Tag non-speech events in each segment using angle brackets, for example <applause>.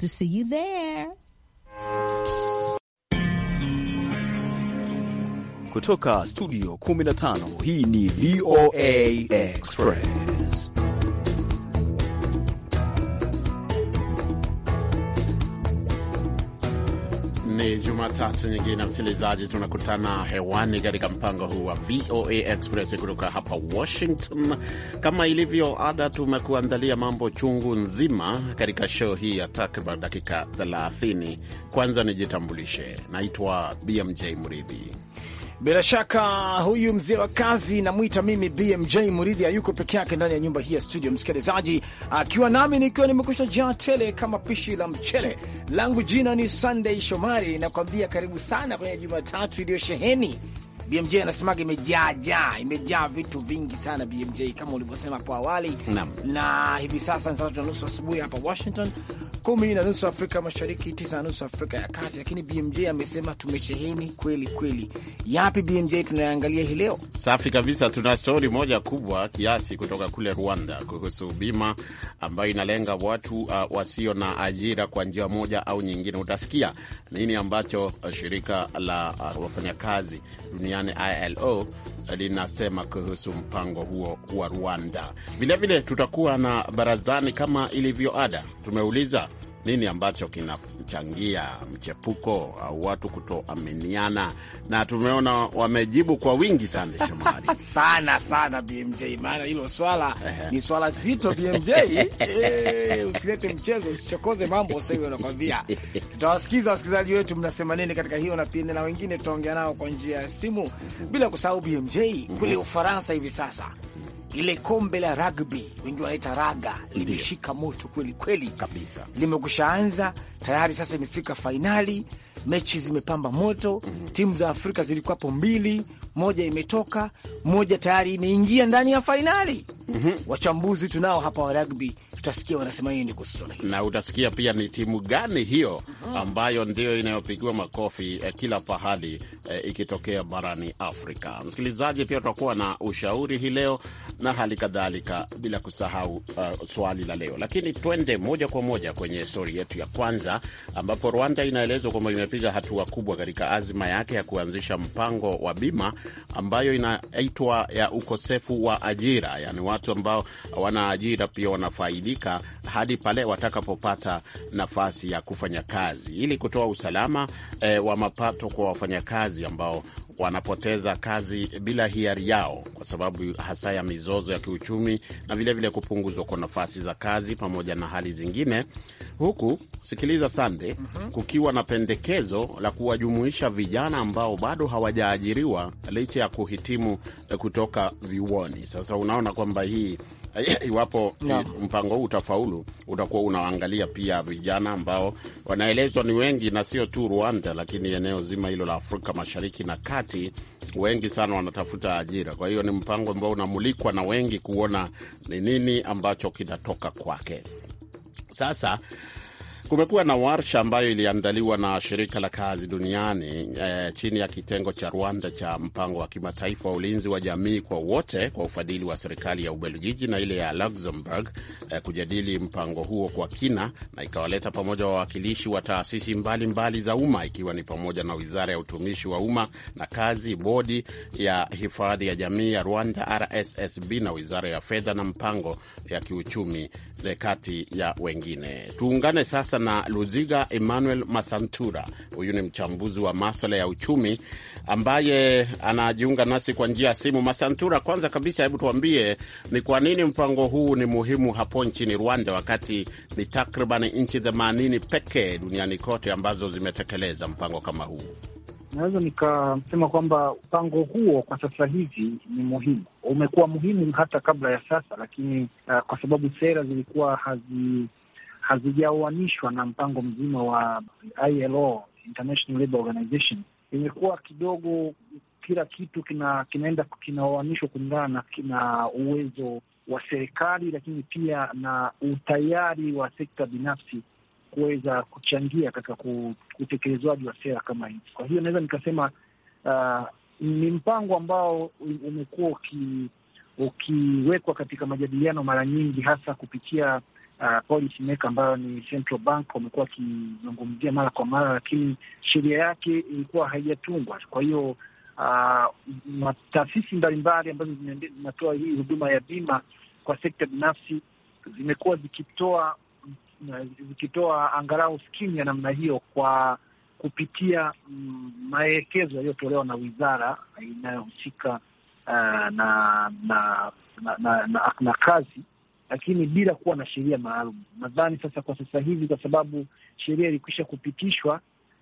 to see you there. Kutoka studio 15 hii ni VOA Express. ni Jumatatu nyingine, msikilizaji, tunakutana hewani katika mpango huu wa VOA Express kutoka hapa Washington. Kama ilivyo ada, tumekuandalia mambo chungu nzima katika show hii ya takriban dakika 30. Kwanza nijitambulishe, naitwa BMJ Mridhi. Bila shaka huyu mzee wa kazi namwita mimi BMJ Muridhi hayuko peke yake ndani ya nyumba hii ya studio, msikilizaji, akiwa nami nikiwa nimekusha jaa tele kama pishi la mchele langu. Jina ni Sunday Shomari, nakwambia karibu sana kwenye Jumatatu iliyosheheni BMJ anasemaga imejaajaa, imejaa vitu vingi sana BMJ, kama ulivyosema hapo awali na, na hivi sasa ni saa tatu na nusu asubuhi hapa Washington, kumi na nusu Afrika Mashariki, tisa na nusu Afrika ya Kati. Lakini BMJ amesema tumesheheni kweli kweli. Yapi BMJ tunayaangalia hii leo? Safi kabisa, tuna stori moja kubwa kiasi kutoka kule Rwanda kuhusu bima ambayo inalenga watu uh, wasio na ajira kwa njia moja au nyingine. Utasikia nini ambacho shirika la uh, wafanyakazi duniani ILO linasema kuhusu mpango huo wa Rwanda. Vilevile tutakuwa na barazani kama ilivyo ada, tumeuliza nini ambacho kinachangia mchepuko au watu kutoaminiana, na tumeona wamejibu kwa wingi sana Shomari. <laughs> sana sana BMJ, maana hilo swala ni swala zito BMJ. <laughs> E, eh, usilete mchezo, usichokoze mambo sahivi, hivi, tutawasikiza wasikilizaji wetu mnasema nini katika hiyo, na pia na wengine tutaongea nao kwa njia ya simu, bila kusahau BMJ kule mhm. Ufaransa hivi sasa ile kombe la rugby wengi wanaita raga limeshika moto kweli kweli kabisa, anza tayari, sasa imefika fainali, mechi zimepamba moto mm -hmm. Timu za Afrika zilikuwapo mbili, moja imetoka, moja tayari imeingia ndani ya fainali mm -hmm. Wachambuzi tunao hapa wa rugby tutasikia wanasema hii ni kusuala hii, na utasikia pia ni timu gani hiyo ambayo ndio inayopigiwa makofi eh, kila pahali eh, ikitokea barani Afrika. Msikilizaji, pia tutakuwa na ushauri hii leo na hali kadhalika, bila kusahau uh, swali la leo. Lakini twende moja kwa moja kwenye stori yetu ya kwanza, ambapo Rwanda inaelezwa kwamba imepiga hatua kubwa katika azima yake ya kuanzisha mpango wa bima ambayo inaitwa ya ukosefu wa ajira, yani watu ambao wana ajira pia wanafaidi kuhitajika hadi pale watakapopata nafasi ya kufanya kazi ili kutoa usalama e, wa mapato kwa wafanyakazi ambao wanapoteza kazi bila hiari yao kwa sababu hasa ya mizozo ya kiuchumi na vilevile kupunguzwa kwa nafasi za kazi pamoja na hali zingine, huku sikiliza sande, mm -hmm. kukiwa na pendekezo la kuwajumuisha vijana ambao bado hawajaajiriwa licha ya kuhitimu eh, kutoka vyuoni. Sasa unaona kwamba hii <coughs> iwapo no. mpango huu utafaulu, utakuwa unaangalia pia vijana ambao wanaelezwa ni wengi, na sio tu Rwanda, lakini eneo zima hilo la Afrika Mashariki na Kati, wengi sana wanatafuta ajira. Kwa hiyo ni mpango ambao unamulikwa na wengi kuona ni nini ambacho kinatoka kwake. Sasa Kumekuwa na warsha ambayo iliandaliwa na shirika la kazi duniani eh, chini ya kitengo cha Rwanda cha mpango wa kimataifa wa ulinzi wa jamii kwa wote kwa ufadhili wa serikali ya Ubelgiji na ile ya Luxembourg eh, kujadili mpango huo kwa kina na ikawaleta pamoja wawakilishi wa taasisi mbalimbali za umma ikiwa ni pamoja na wizara ya utumishi wa umma na kazi, bodi ya hifadhi ya jamii ya Rwanda RSSB na wizara ya fedha na mpango ya kiuchumi eh, kati ya wengine. Tuungane sasa na Luziga Emmanuel Masantura. Huyu ni mchambuzi wa maswala ya uchumi ambaye anajiunga nasi kwa njia ya simu. Masantura, kwanza kabisa, hebu tuambie ni kwa nini mpango huu ni muhimu hapo nchini Rwanda, wakati ni takriban nchi themanini pekee duniani kote ambazo zimetekeleza mpango kama huu? Naweza nikasema kwamba mpango huo kwa sasa hivi ni muhimu, umekuwa muhimu hata kabla ya sasa, lakini uh, kwa sababu sera zilikuwa hazi hazijaoanishwa na mpango mzima wa ILO, International Labour Organization. Imekuwa kidogo kila kitu kina, kinaenda kinaoanishwa kulingana na kina uwezo wa serikali, lakini pia na utayari wa sekta binafsi kuweza kuchangia katika utekelezwaji wa sera kama hizi. Kwa hiyo naweza nikasema uh, ni mpango ambao umekuwa ukiwekwa katika majadiliano mara nyingi, hasa kupitia uh, policy maker ambayo ni central bank wamekuwa wakizungumzia mara kwa mara, lakini sheria yake ilikuwa haijatungwa. Kwa hiyo uh, taasisi mbalimbali ambazo zinatoa hii huduma ya bima kwa sekta binafsi zimekuwa zikitoa uh, zikitoa angalau skimu ya namna hiyo kwa kupitia mm, maelekezo yaliyotolewa na wizara inayohusika uh, na, na, na, na, na, na kazi lakini bila kuwa na sheria maalum. Nadhani sasa kwa sasa hivi, kwa sababu sheria ilikwisha kupitishwa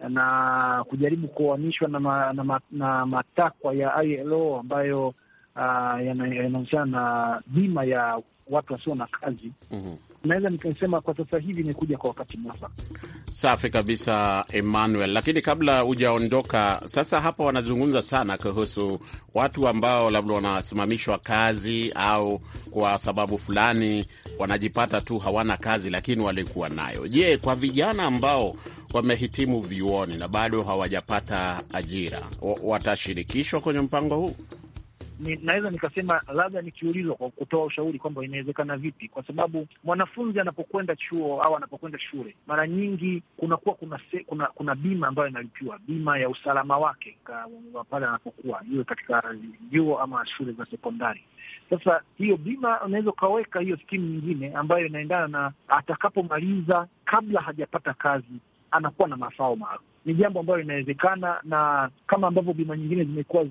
na kujaribu kuoanishwa na, ma, na, ma, na matakwa ya ILO ambayo Uh, yanahusiana na bima ya watu wasio na kazi mm-hmm. Naweza nikasema kwa sasa hivi imekuja kwa wakati mwafaka. Safi kabisa, Emmanuel. Lakini kabla hujaondoka, sasa hapa wanazungumza sana kuhusu watu ambao labda wanasimamishwa kazi au kwa sababu fulani wanajipata tu hawana kazi, lakini walikuwa nayo. Je, kwa vijana ambao wamehitimu vyuoni na bado hawajapata ajira watashirikishwa kwenye mpango huu? ni, naweza nikasema labda nikiulizwa kwa kutoa ushauri kwamba inawezekana vipi, kwa sababu mwanafunzi anapokwenda chuo au anapokwenda shule, mara nyingi kunakuwa kuna, kuna kuna bima ambayo inalipiwa, bima ya usalama wake pale anapokuwa iwe katika vyuo ama shule za sekondari. Sasa hiyo bima unaweza ukaweka hiyo skimu nyingine ambayo inaendana na atakapomaliza, kabla hajapata kazi anakuwa na mafao maalum. Ni jambo ambalo linawezekana, na kama ambavyo bima nyingine zimekuwa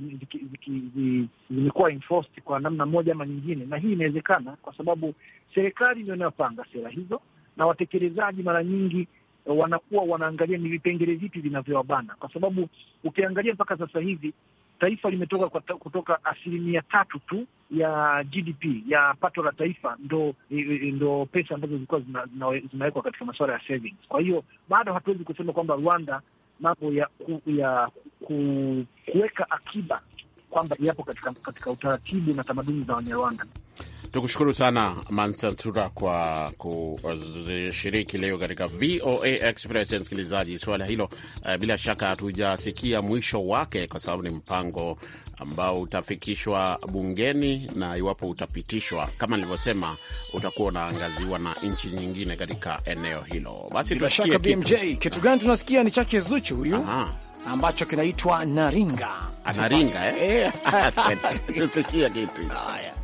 zimekuwa enforced kwa namna moja ama nyingine, na hii inawezekana kwa sababu serikali ndio inayopanga sera hizo, na watekelezaji mara nyingi wanakuwa wanaangalia ni vipengele vipi vinavyowabana, kwa sababu ukiangalia mpaka sasa hivi taifa limetoka kwa kutoka asilimia tatu tu ya GDP ya pato la taifa ndo, ndo pesa ambazo zilikuwa zinawekwa zina, zina katika masuala ya savings. Kwa hiyo bado hatuwezi kusema kwamba Rwanda mambo ya, ku, ya ku, kuweka akiba kwamba yapo katika, katika utaratibu na tamaduni za Wanyarwanda. Tukushukuru sana Mansantura kwa kushiriki leo katika VOA Express. Msikilizaji, suala hilo uh, bila shaka hatujasikia mwisho wake, kwa sababu ni mpango ambao utafikishwa bungeni na iwapo utapitishwa, kama nilivyosema, utakuwa unaangaziwa na nchi nyingine katika eneo hilo. Basi bila kitu. BMJ, kitu gani tunasikia ni chake Zuchu huyu ambacho kinaitwa naringa naringa, eh? eh. <laughs> tusikie kitu haya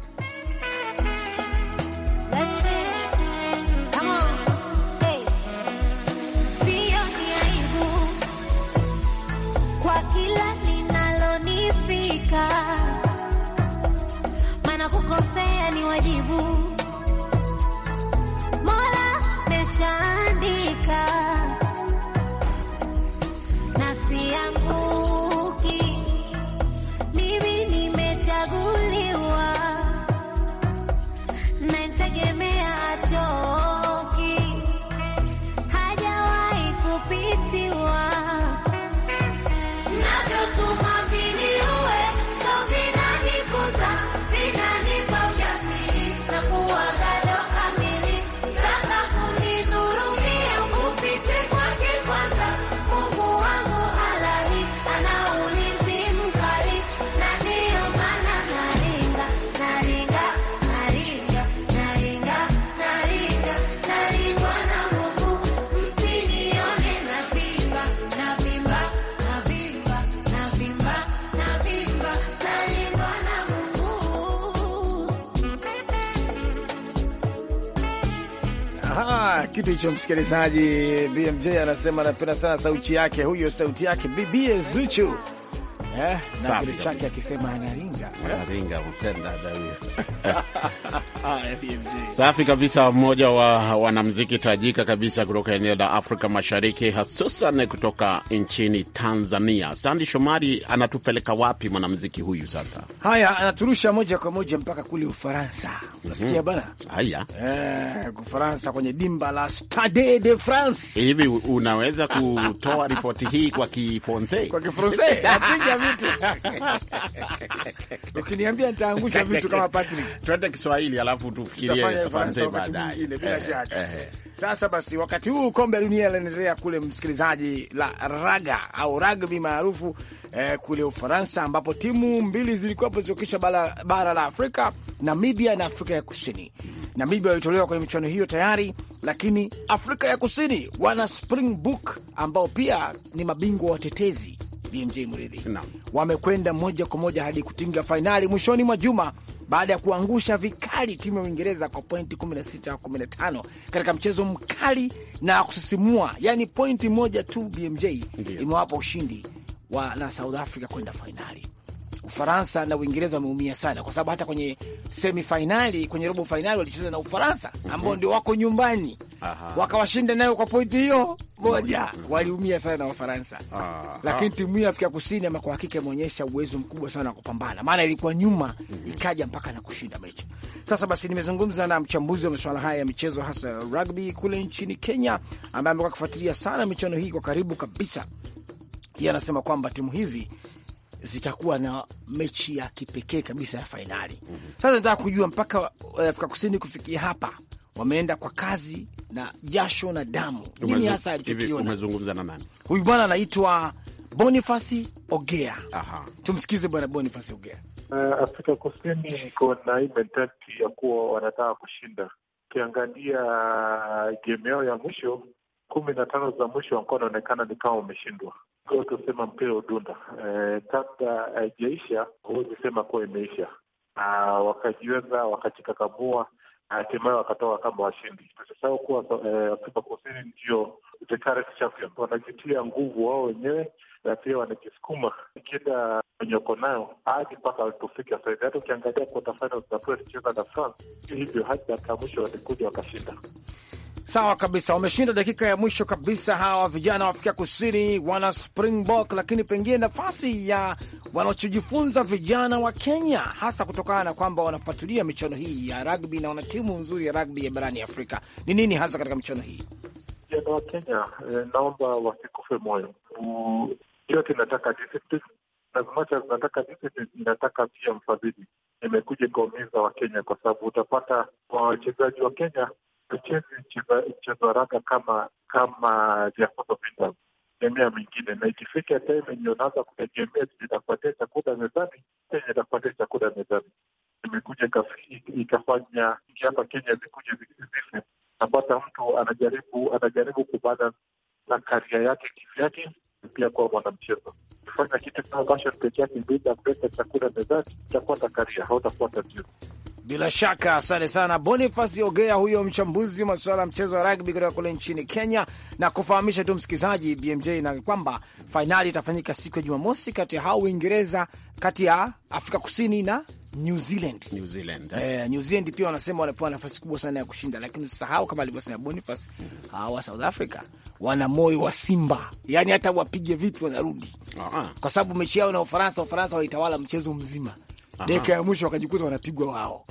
kitu hicho, msikilizaji. BMJ anasema anapenda sana sauti yake, huyo sauti yake bibie Zuchu eh, na kile chake akisema anaringa anaringa mpenda <laughs> Safi kabisa, mmoja wa wanamziki tajika kabisa kutoka eneo la Afrika Mashariki, hususan kutoka nchini Tanzania. Sandi Shomari anatupeleka wapi mwanamziki huyu sasa? Haya, anaturusha moja kwa moja mpaka kule Ufaransa. Mhm. Unasikia mm -hmm. Bana haya eh, Ufaransa kwenye dimba la Stade de France. Hivi unaweza kutoa ripoti hii kwa Kifonse? Kwa Kifonse napiga vitu <laughs> ukiniambia nitaangusha vitu kama Patrick. Twende Kiswahili ala alafu tufikirie baadaye. Eh, eh, eh. Sasa basi, wakati huu kombe la dunia linaendelea kule, msikilizaji, la raga au ragbi maarufu eh, kule Ufaransa, ambapo timu mbili zilikuwapo zikiwakilisha bara, bara la Afrika, Namibia na Afrika ya Kusini. Namibia walitolewa kwenye michuano hiyo tayari, lakini Afrika ya Kusini wana Springbok ambao pia ni mabingwa watetezi BMJ Mridhi, wamekwenda moja kwa moja hadi kutinga fainali mwishoni mwa juma baada ya kuangusha vikali timu ya Uingereza kwa pointi 16 15 katika mchezo mkali na kusisimua, yani pointi moja tu BMJ imewapa ushindi wa na South Africa kwenda fainali. Ufaransa na Uingereza wameumia sana, kwa sababu hata kwenye semifainali, kwenye robo fainali walicheza na Ufaransa ambao mhm. ndio wako nyumbani, wakawashinda nayo kwa pointi hiyo moja waliumia sana Wafaransa, ah, ah. lakini ah, timu hiyo Afrika Kusini ama kwa hakika imeonyesha uwezo mkubwa sana wa kupambana, maana ilikuwa nyuma mm ikaja mpaka na kushinda mechi. Sasa basi, nimezungumza na mchambuzi wa masuala haya ya michezo hasa rugby kule nchini Kenya, ambaye amekuwa akifuatilia sana michuano hii kwa karibu kabisa. Yeye anasema kwamba timu hizi zitakuwa na mechi ya kipekee kabisa ya fainali. Mm-hmm. Sasa nataka kujua mpaka eh, Afrika Kusini kufikia hapa wameenda kwa kazi na jasho na damu. Nini hasa alichokiona? Umezungumza na nani? Huyu bwana anaitwa Bonifasi Ogea. Aha. Tumsikize bwana Bonifasi Ogea. Uh, Afrika Kusini iko na hii mentality ya kuwa wanataka kushinda. Ukiangalia game yao ya mwisho kumi na tano za mwisho wakuwa wanaonekana ni kama wameshindwa. tusema mpira udunda, e, kabla haijaisha huwezi sema kuwa imeisha. Wakajiweza, wakajikakamua hatimaye wakatoka kama washindi. Tusisahau kuwa eh, Afrika Kusini ndio the current champion, wanajitia nguvu wao wenyewe na pia wanajisukuma kila wenye uko nayo hadi mpaka walipofika sahizi. Hata ukiangalia quarter finals za kucheza na France hivyo hadi dakika mwisho walikuja wakashinda. Sawa kabisa, wameshinda dakika ya mwisho kabisa hawa vijana wa Afrika Kusini, wana Springbok, lakini pengine nafasi ya wanachojifunza vijana wa Kenya, hasa kutokana na kwamba wanafuatilia michuano hii ya ragbi na wana timu nzuri ya ragbi ya barani Afrika, ni nini hasa katika michuano hii? Vijana wa Kenya eh, naomba wasikufe moyo. Yote inataka discipline zinataka discipline, inataka pia mfadhili imekuja kaumiza Wakenya kwa sababu utapata wachezaji wa Kenya checheni cha baraka kama kama vyakula vina tegemea mingine, na ikifika time yenye unaanza kutegemea itakupatia chakula mezani, Kenya itakupatia chakula mezani. Imekuja ikafanya nchi hapa Kenya zikuja zife. Napata mtu anajaribu anajaribu kubada na karia yake kivyake, pia kuwa mwanamchezo kifanya kitu kama passion yake bila kuleta chakula mezani, itakuwa na karia, hautakuwa tatizo bila shaka asante sana Bonifas Ogea, huyo mchambuzi wa masuala ya mchezo wa ragbi kutoka kule nchini Kenya. Na kufahamisha tu msikilizaji BMJ na kwamba fainali itafanyika siku ya Jumamosi kati ya hao Uingereza, kati ya Afrika Kusini na New Zealand. New Zealand, eh? eh, New Zealand pia wanasema wanapewa nafasi kubwa sana ya kushinda, lakini usisahau kama alivyosema Boniface, hawa wa South Africa wana moyo wa simba, yaani hata wapige vipi wanarudi, uh -huh. kwa sababu mechi yao na Ufaransa, Ufaransa walitawala mchezo mzima dakika ya mwisho wakajikuta wanapigwa wao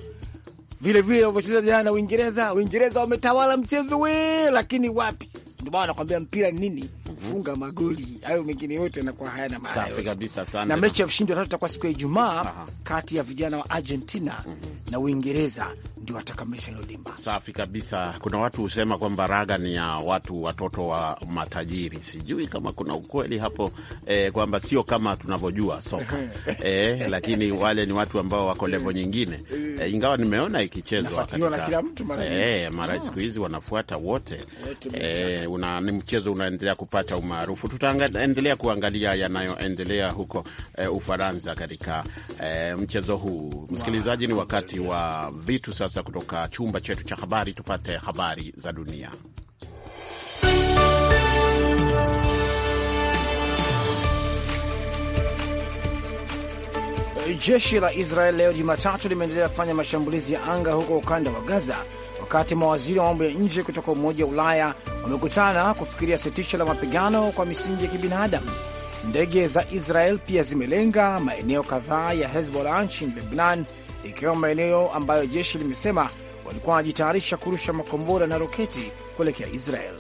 vilevile wavyocheza vile, jana Uingereza. Uingereza wametawala mchezo wee, lakini wapi, ndio maana nakwambia mpira ni nini kufunga magoli hayo mengine yote yanakuwa hayana maana. Safi kabisa sana. Na mechi ya mshindi wa tatu itakuwa siku ya Ijumaa kati ya vijana wa Argentina mm -hmm. na Uingereza ndio watakamilisha hilo limba. Safi kabisa. Kuna watu husema kwamba raga ni ya watu watoto wa matajiri, sijui kama kuna ukweli hapo eh, kwamba sio kama tunavyojua soka eh, lakini wale ni watu ambao wako levo nyingine eh, ingawa nimeona ikichezwa eh, mara siku hizi wanafuata wote eh, una, ni mchezo unaendelea kupata kupata umaarufu. Tutaendelea kuangalia yanayoendelea huko eh, Ufaransa katika eh, mchezo huu. Msikilizaji, ni wakati wa vitu sasa kutoka chumba chetu cha habari, tupate habari za dunia. Jeshi la Israel leo Jumatatu limeendelea kufanya mashambulizi ya anga huko ukanda wa Gaza, wakati mawaziri wa mambo ya nje kutoka Umoja wa Ulaya wamekutana kufikiria sitisho la mapigano kwa misingi ya kibinadamu. Ndege za Israel pia zimelenga maeneo kadhaa ya Hezbollah nchini Lebnan, ikiwemo maeneo ambayo jeshi limesema walikuwa wanajitayarisha kurusha makombora na roketi kuelekea Israel.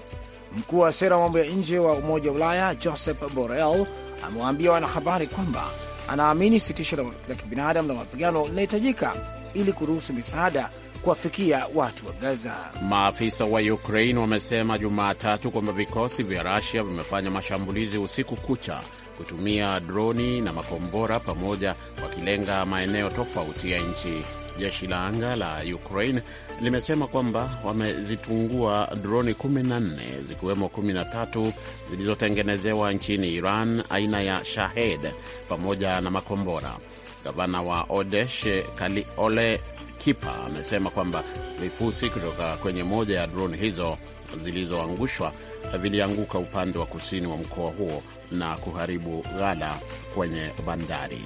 Mkuu wa sera wa mambo ya nje wa Umoja wa Ulaya josep Borrell amewaambia wanahabari kwamba anaamini sitisho la kibinadamu la mapigano linahitajika ili kuruhusu misaada kuwafikia watu wa Gaza. Maafisa wa Ukraine wamesema Jumatatu kwamba vikosi vya Rusia vimefanya mashambulizi usiku kucha kutumia droni na makombora pamoja, wakilenga maeneo tofauti ya nchi. Jeshi la anga la Ukraine limesema kwamba wamezitungua droni 14 zikiwemo 13 zilizotengenezewa nchini Iran aina ya Shahed pamoja na makombora. Gavana wa Odesh Kali Ole Kipa amesema kwamba vifusi kutoka kwenye moja ya droni hizo zilizoangushwa vilianguka upande wa kusini wa mkoa huo na kuharibu ghala kwenye bandari.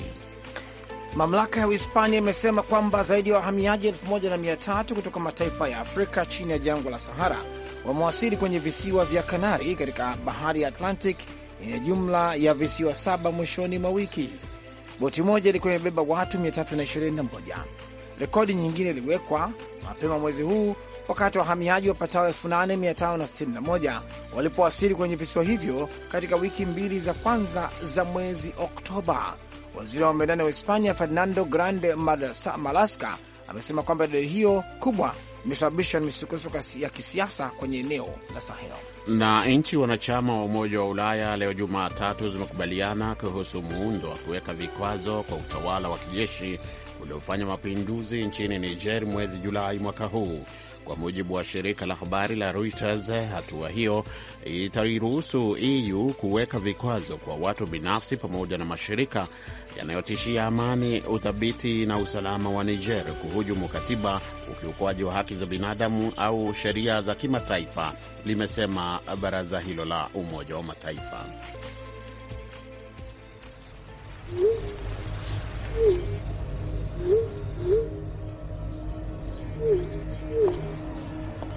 Mamlaka ya Uhispania imesema kwamba zaidi ya wahamiaji elfu moja na mia tatu kutoka mataifa ya Afrika chini ya jangwa la Sahara wamewasili kwenye visiwa vya Kanari katika bahari ya Atlantic yenye jumla ya visiwa saba mwishoni mwa wiki. Boti moja ilikuwa imebeba watu 321. Rekodi nyingine iliwekwa mapema mwezi huu wakati wahamiaji wapatao 8561 walipowasili kwenye visiwa hivyo katika wiki mbili za kwanza za mwezi Oktoba. Waziri wa mambo ya ndani wa Hispania Fernando Grande Malasca amesema kwamba idadi hiyo kubwa imesababisha misukosuko ya kisiasa kwenye eneo la Sahel. Na nchi wanachama wa Umoja wa Ulaya leo Jumatatu zimekubaliana kuhusu muundo wa kuweka vikwazo kwa utawala wa kijeshi uliofanya mapinduzi nchini Niger mwezi Julai mwaka huu. Kwa mujibu wa shirika la habari la Reuters, hatua hiyo itairuhusu EU kuweka vikwazo kwa watu binafsi pamoja na mashirika yanayotishia amani, uthabiti na usalama wa Niger, kuhujumu katiba, ukiukwaji wa haki za binadamu au sheria za kimataifa, limesema baraza hilo la Umoja wa Mataifa.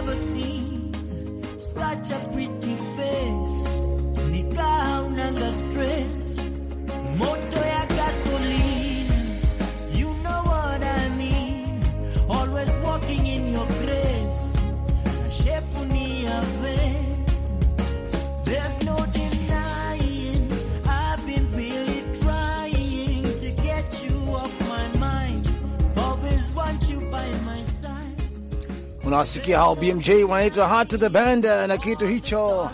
never seen such a pretty Unawasikia hao BMJ wanaitwa Heart the Band na kitu hicho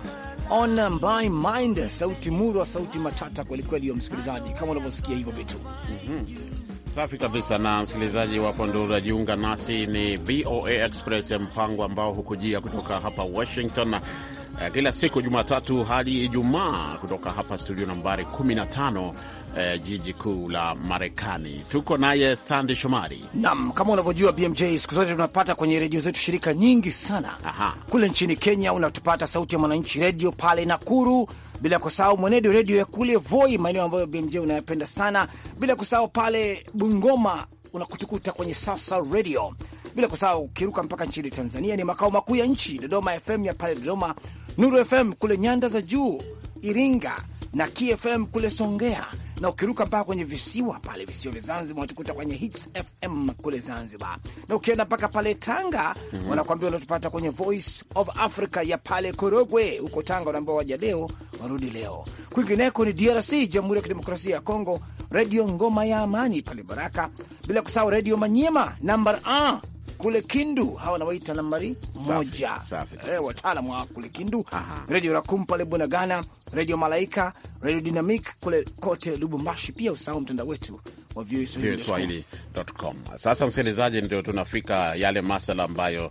on my mind, sauti murwa, sauti matata kwelikweli ya msikilizaji, kama unavyosikia hivyo vitu mm -hmm. Safi kabisa. Na msikilizaji wapo ndo unajiunga nasi, ni VOA Express ya mpango ambao hukujia kutoka hapa Washington eh, kila siku Jumatatu hadi Ijumaa kutoka hapa studio nambari 15 eh, jiji kuu la Marekani. Tuko naye Sandi Shomari. Naam, kama unavyojua BMJ, siku zote tunapata kwenye redio zetu shirika nyingi sana. Aha. Kule nchini Kenya unatupata Sauti ya Mwananchi redio pale Nakuru, bila kusahau Mwenedo redio ya kule Voi, maeneo ambayo BMJ unayapenda sana, bila kusahau pale Bungoma unakutukuta kwenye Sasa redio bila kusahau ukiruka mpaka nchini Tanzania ni makao makuu ya nchi, Dodoma FM ya pale Dodoma, Nuru FM kule nyanda za juu, Iringa na KFM kule Songea, na ukiruka mpaka kwenye visiwa pale, visiwa vya Zanzibar unatukuta kwenye Hits FM kule Zanzibar, na ukienda mpaka pale Tanga mm -hmm. wanakuambia kwenye Voice of Africa ya pale Korogwe huko Tanga, unaambia waja leo warudi leo. Kwingineko ni DRC, Jamhuri ya Kidemokrasia ya Kongo, Redio Ngoma ya Amani pale Baraka, bila kusahau Redio Manyema namba kule Kindu, hawa nawaita nambari moja, eh, wataalam wa kule Kindu, Redio Rakum pale Bunagana, Redio Malaika, Redio Dynamic kule kote Lubumbashi, pia usahau mtandao wetu wa voaswahili.com. Sasa msikilizaji, ndio tunafika yale masala ambayo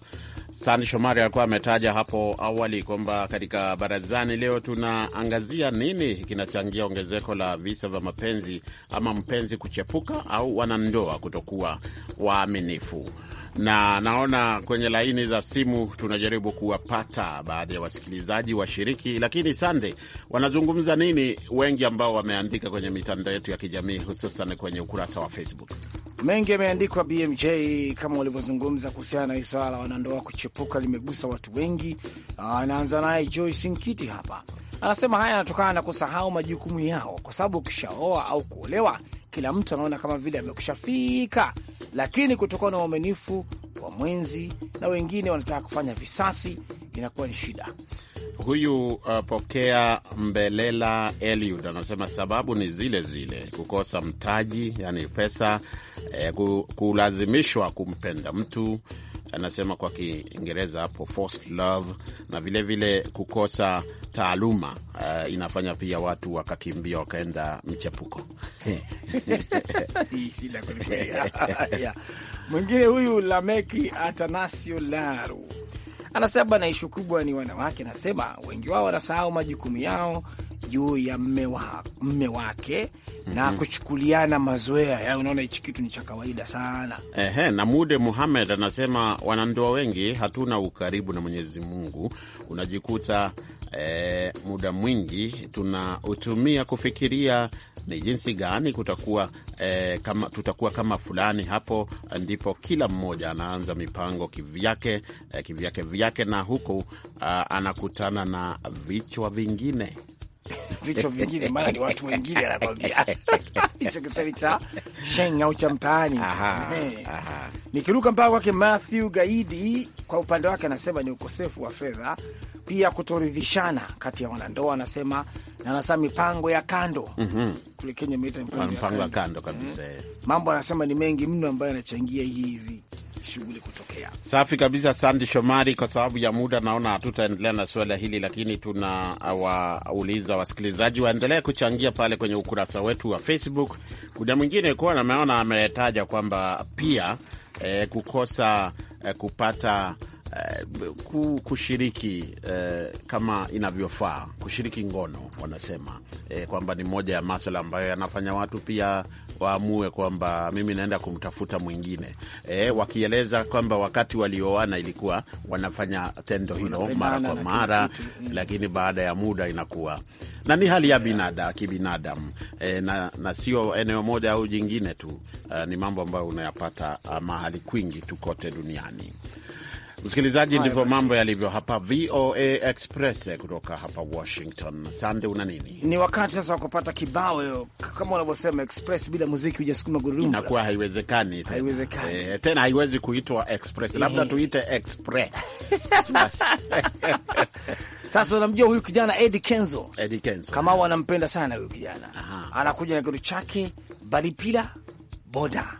Sandi Shomari alikuwa ametaja hapo awali kwamba katika barazani leo tunaangazia nini kinachangia ongezeko la visa vya mapenzi ama mpenzi kuchepuka au wanandoa kutokuwa waaminifu na naona kwenye laini za simu tunajaribu kuwapata baadhi ya wasikilizaji washiriki, lakini sande, wanazungumza nini wengi ambao wameandika kwenye mitandao yetu ya kijamii, hususan kwenye ukurasa wa Facebook? Mengi yameandikwa BMJ kama walivyozungumza kuhusiana na hii swala la wanandoa kuchepuka, limegusa watu wengi. Ah, anaanza naye Joyce Nkiti hapa, anasema haya yanatokana na kusahau majukumu yao, kwa sababu ukishaoa au kuolewa, kila mtu anaona kama vile amekushafika lakini kutokana na uaminifu wa mwenzi na wengine wanataka kufanya visasi, inakuwa ni shida. Huyu uh, pokea Mbelela Eliud anasema sababu ni zile zile, kukosa mtaji, yani pesa, eh, kulazimishwa kumpenda mtu anasema kwa Kiingereza hapo forced love, na vilevile vile kukosa taaluma uh, inafanya pia watu wakakimbia wakaenda mchepuko. <laughs> <laughs> Mwingine huyu Lameki Atanasio Laru anasema na ishu kubwa ni wanawake, anasema wengi wao wanasahau majukumu yao juu ya mme, wa, mme wake mm -hmm. na mhm. kuchukuliana mazoea ya eh, unaona, hichi kitu ni cha kawaida sana. Ehe, na Mude Muhamed anasema wanandoa wengi hatuna ukaribu na Mwenyezi Mungu, unajikuta eh, muda mwingi tunautumia kufikiria ni jinsi gani kutakuwa, eh, kama, tutakuwa kama fulani. Hapo ndipo kila mmoja anaanza mipango kivyake, eh, kivyake vyake, na huku ah, anakutana na vichwa vingine <laughs> vichwa vingine, maana ni watu wengine anakwambia <laughs> hicho kiswahili cha sheng au cha mtaani. Eh. Nikiruka mpaka kwake Matthew Gaidi, kwa upande wake anasema ni ukosefu wa fedha pia kutoridhishana kati ya wanandoa, anasema na mipango ya kando mm -hmm. kule Kenya mipango ya kando kabisa. Eh. eh, mambo anasema ni mengi mno ambayo yanachangia hizi shughuli kutokea. Safi kabisa, Sandi Shomari. Kwa sababu ya muda, naona hatutaendelea na suala hili, lakini tunawauliza wasikilizaji waendelee kuchangia pale kwenye ukurasa wetu wa Facebook. Kuna mwingine kuwa nameona ametaja kwamba pia eh, kukosa eh, kupata uh, kushiriki uh, kama inavyofaa kushiriki ngono. Wanasema uh, kwamba ni moja ya maswala ambayo yanafanya watu pia waamue kwamba mimi naenda kumtafuta mwingine eh, wakieleza kwamba wakati walioana ilikuwa wanafanya tendo hilo mara kwa mara, mm. lakini baada ya muda inakuwa na ni hali ya binada kibinadamu eh, na, na sio eneo moja au jingine tu eh, ni mambo ambayo unayapata ah, mahali kwingi tu kote duniani. Msikilizaji, ndivyo mambo yalivyo hapa VOA Express kutoka hapa Washington. Sande, una nini? Ni wakati sasa wa kupata kibao, eh, kama unavyosema Express bila muziki hujasukuma gurudumu, inakuwa haiwezekani, haiwezekani e, tena haiwezi kuitwa Express, labda eh. tuite Express <laughs> Sasa unamjua huyu kijana Eddie Kenzo, Eddie Kenzo kama wanampenda sana huyu kijana, anakuja na kitu chake balipila boda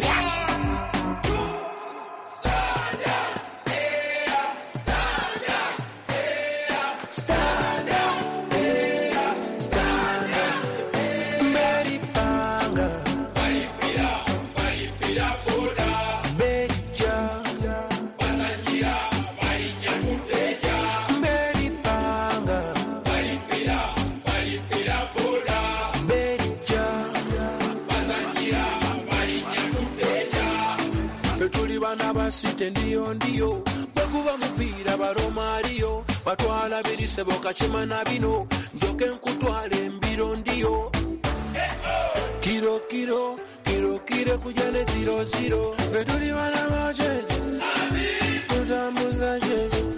abaana basite ndiyo ndiyo bweguba mupiira balomaariyo batwala birisebokacima na bino njoke nkutwala embiro ndiyo kirokiro kirokire kuja ne ziroziro fetuli bana bajeje tutambuza jeje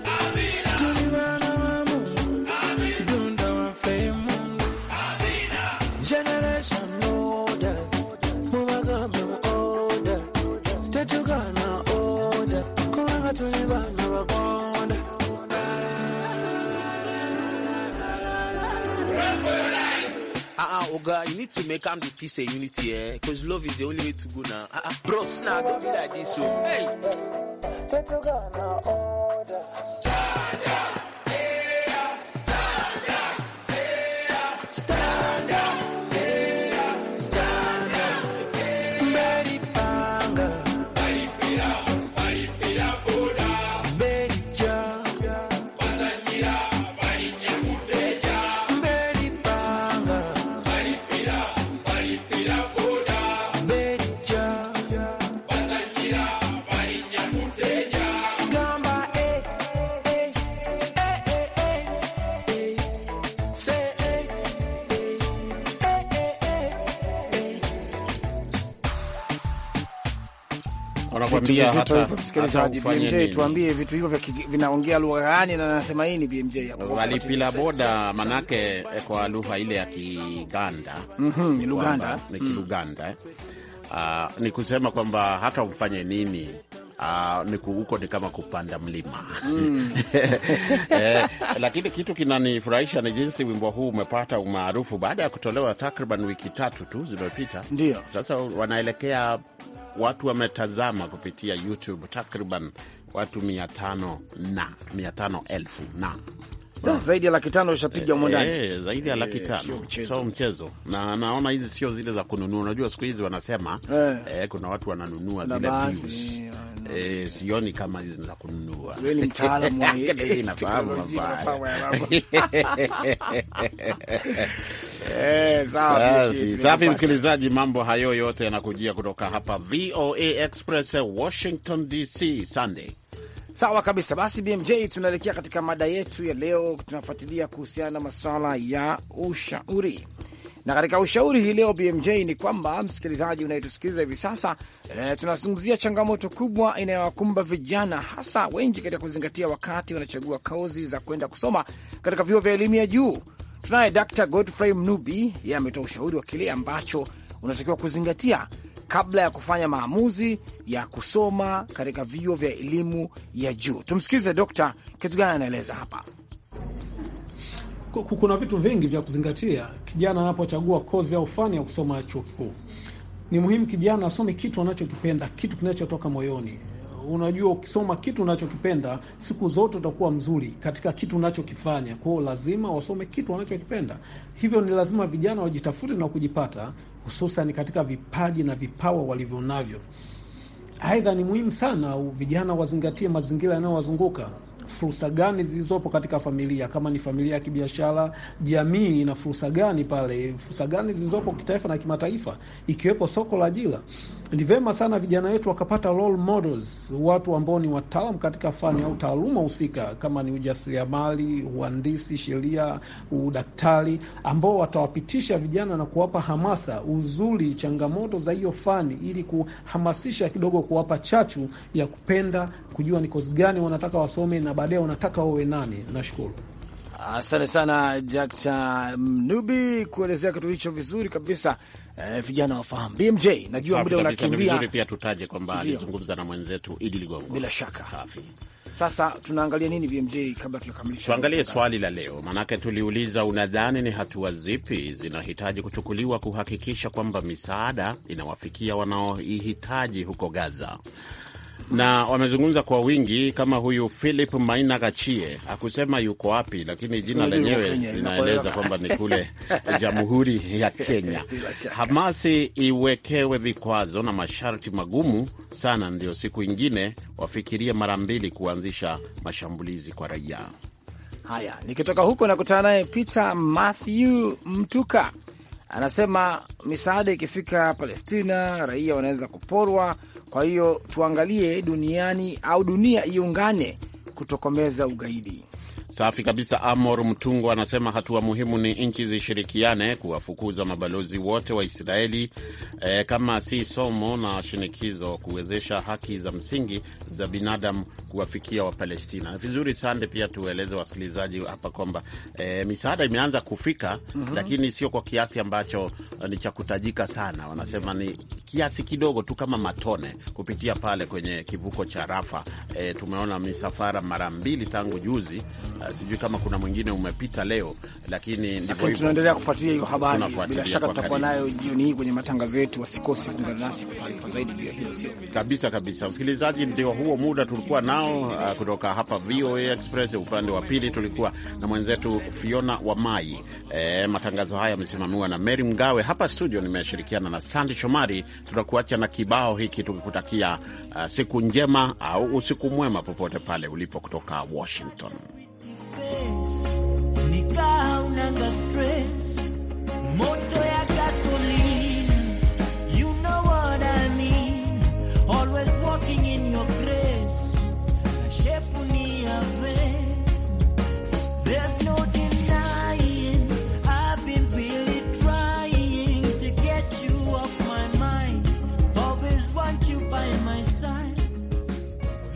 Oga, you need to make am the peace and unity, eh? Because love is the only way to go now. Ah, ah, bros, now nah, don't be like this, so. Oh. Hey! Take now, order. Stand up! kuambia hata msikilizaji BMJ, tuambie vitu hivyo vinaongea lugha gani na nasema ni BMJ hapo. Walipila boda manake eh, kwa lugha ile ya Kiganda mhm, ni Luganda ni mhm. Kiluganda eh. ah, ni kusema kwamba hata umfanye nini huko ah, ni kama kupanda mlima mm. <laughs> eh, lakini kitu kinanifurahisha ni jinsi wimbo huu umepata umaarufu baada ya kutolewa takriban wiki tatu tu zimepita. Ndio sasa wanaelekea watu wametazama kupitia YouTube takriban watu mia tano na mia tano elfu na Da, zaidi ya laki tano ushapiga humo eh, ndani e, zaidi ya laki eh, tano sio mchezo. mchezo na naona hizi sio zile za kununua. Unajua siku hizi wanasema e. E, kuna watu wananunua zile views e, sioni kama hizi za kununua. Wewe ni mtaalamu wa <laughs> hii, nafahamu mambo. <laughs> Safi msikilizaji, mambo hayo yote yanakujia kutoka hapa VOA Express Washington DC Sunday Sawa kabisa. Basi BMJ, tunaelekea katika mada yetu ya leo. Tunafuatilia kuhusiana na masuala ya ushauri, na katika ushauri hii leo BMJ ni kwamba msikilizaji unayetusikiliza hivi sasa e, tunazungumzia changamoto kubwa inayowakumba vijana, hasa wengi katika kuzingatia wakati wanachagua kozi za kwenda kusoma katika vyuo vya elimu ya juu. Tunaye Dr Godfrey Mnubi, yeye ametoa ushauri wa kile ambacho unatakiwa kuzingatia kabla ya kufanya maamuzi ya kusoma katika vyuo vya elimu ya juu. Tumsikilize Dokta, kitu gani anaeleza hapa. Kuna vitu vingi vya kuzingatia kijana anapochagua kozi au fani ya kusoma chuo kikuu. Ni muhimu kijana asome kitu anachokipenda, kitu kinachotoka moyoni. Unajua, ukisoma kitu unachokipenda siku zote utakuwa mzuri katika kitu unachokifanya. Kwa hiyo lazima wasome kitu wanachokipenda. Hivyo ni lazima vijana wajitafute na kujipata hususan katika vipaji na vipawa walivyonavyo. Aidha, ni muhimu sana vijana wazingatie mazingira yanayowazunguka fursa gani zilizopo katika familia. Kama ni familia ya kibiashara, jamii ina fursa gani pale, fursa gani zilizopo kitaifa na kimataifa, ikiwepo soko la ajira ni vema sana vijana wetu wakapata role models, watu ambao ni wataalam katika fani au taaluma husika, kama ni ujasiriamali, uhandisi, sheria, udaktari, ambao watawapitisha vijana na kuwapa hamasa, uzuri, changamoto za hiyo fani, ili kuhamasisha kidogo, kuwapa chachu ya kupenda kujua ni kozi gani wanataka wasome na baadaye wanataka wawe nani. Nashukuru. Asante sana Dkt. Mnubi kuelezea kitu hicho vizuri kabisa eh, vijana wafahamu. BMJ, najua muda unakimbia. vizuri pia tutaje kwamba alizungumza na mwenzetu Idi Ligongo. Bila shaka. Safi. Sasa tunaangalia nini BMJ, kabla tujakamilisha? Tuangalie swali la leo, maanake tuliuliza, unadhani ni hatua zipi zinahitaji kuchukuliwa kuhakikisha kwamba misaada inawafikia wanaoihitaji huko Gaza? na wamezungumza kwa wingi, kama huyu Philip Maina Gachie, akusema yuko wapi, lakini jina lenyewe linaeleza kwamba ni kule <laughs> Jamhuri ya Kenya. Hamasi iwekewe vikwazo na masharti magumu sana, ndio siku ingine wafikirie mara mbili kuanzisha mashambulizi kwa raia. Haya, nikitoka huko nakutana naye Peter Matthew Mtuka, anasema misaada ikifika Palestina raia wanaweza kuporwa kwa hiyo tuangalie duniani au dunia iungane kutokomeza ugaidi. Safi kabisa. Amor Mtungo anasema hatua muhimu ni nchi zishirikiane kuwafukuza mabalozi wote wa Israeli e, kama si somo na shinikizo kuwezesha haki za msingi za binadamu kuwafikia Wapalestina vizuri. Sande, pia tueleze wasikilizaji hapa kwamba e, misaada imeanza kufika mm -hmm. Lakini sio kwa kiasi ambacho e, ni cha kutajika sana. Wanasema ni kiasi kidogo tu kama matone kupitia pale kwenye kivuko cha Rafa. E, tumeona misafara mara mbili tangu juzi sijui kama kuna mwingine umepita leo, lakini ndivyo Tunaendelea kufuatilia hiyo habari, bila shaka tutakuwa nayo jioni hii kwenye matangazo yetu. Wasikose kuungana nasi kwa taarifa zaidi juu ya hilo kabisa kabisa. Msikilizaji, ndio huo muda tulikuwa nao uh, kutoka hapa VOA Express. Upande wa pili tulikuwa na mwenzetu Fiona Wamai. E, matangazo haya yamesimamiwa na Mary Mgawe. Hapa studio nimeshirikiana na Sandi Shomari. Tutakuacha na kibao hiki tukikutakia uh, siku njema au usiku mwema popote pale ulipo kutoka Washington. ka unanga stress moto ya